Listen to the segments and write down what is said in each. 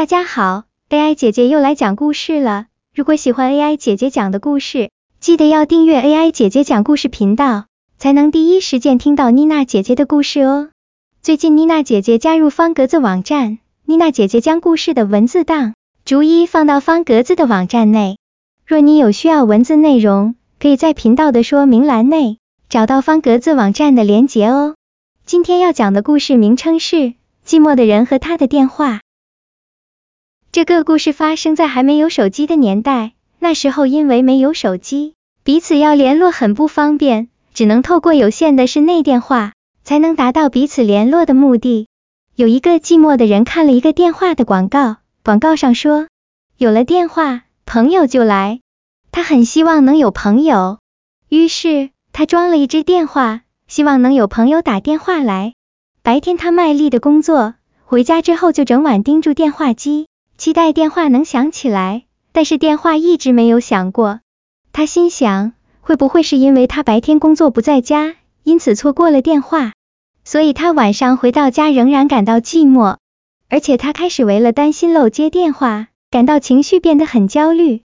大家好，AI 姐姐又來講故事了。如果喜歡 AI 姐姐講的故事，記得要訂閱 AI 姐姐講故事頻道，才能第一時間聽到妮娜姐姐的故事哦。最近妮娜姐姐加入方格子網站，妮娜姐姐將故事的文字檔逐一放到方格子的網站內。若你有需要文字內容，可以在頻道的說明欄內找到方格子網站的鏈接哦。今天要講的故事名稱是《寂寞的人和他的電話》。這個故事發生在還沒有手機的年代，那時候因為沒有手機，彼此要聯絡很不方便，只能透過有限的室內電話才能達到彼此聯絡的目的。有一個寂寞的人看了一個電話的廣告，廣告上說，有了電話，朋友就來。他很希望能有朋友，於是他裝了一只電話，希望能有朋友打電話來。白天他賣力的工作，回家之後就整晚盯住電話機。期待電話能響起來，但是電話一直沒有響過。他心想，會不會是因為他白天工作不在家，因此錯過了電話？所以他晚上回到家仍然感到寂寞，而且他開始為了擔心漏接電話，感到情緒變得很焦慮。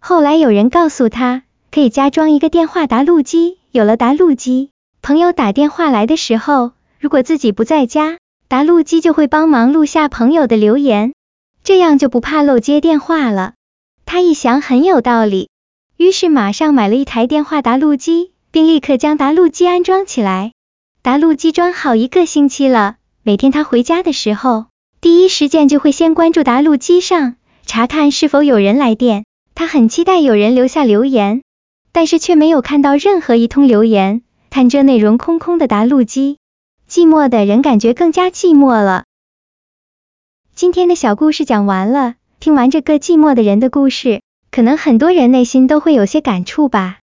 後來有人告訴他，可以加裝一個電話答錄機。有了答錄機，朋友打電話來的時候，如果自己不在家，答錄機就會幫忙錄下朋友的留言。這樣就不怕漏接電話了。他一想很有道理，於是馬上買了一台電話答錄機，並立刻將答錄機安裝起來。答錄機裝好一個星期了，每天他回家的時候，第一時間就會先關注答錄機上，查看是否有人來電。他很期待有人留下留言，但是卻沒有看到任何一通留言。看著內容空空的答錄機，寂寞的人感覺更加寂寞了。今天的小故事講完了。聽完這個寂寞的人的故事，可能很多人內心都會有些感觸吧。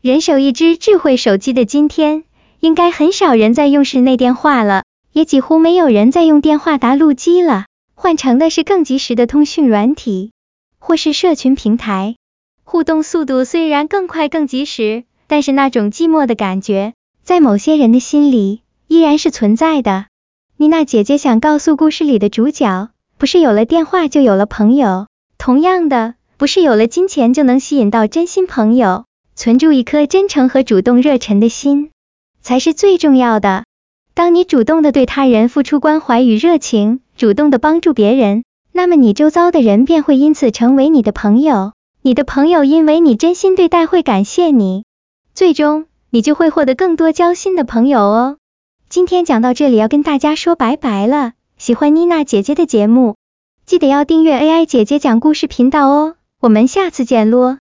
人手一只智慧手機的今天，應該很少人在用室內電話了，也幾乎沒有人在用電話答錄機了，換成的是更及時的通訊軟體或是社群平台，互動速度雖然更快更及時，但是那種寂寞的感覺，在某些人的心裡依然是存在的。妮娜姐姐想告訴故事裡的主角。不是有了電話就有了朋友，同樣的，不是有了金錢就能吸引到真心朋友，存住一顆真誠和主動熱忱的心，才是最重要的。當你主動的對他人付出關懷與熱情，主動的幫助別人，那麼你周遭的人便會因此成為你的朋友。你的朋友因為你真心對待，會感謝你，最終你就會獲得更多交心的朋友哦。今天講到這裡，要跟大家說拜拜了。喜歡妮娜姐姐的節目，記得要訂閱 AI 姐姐講故事頻道哦。我們下次見咯。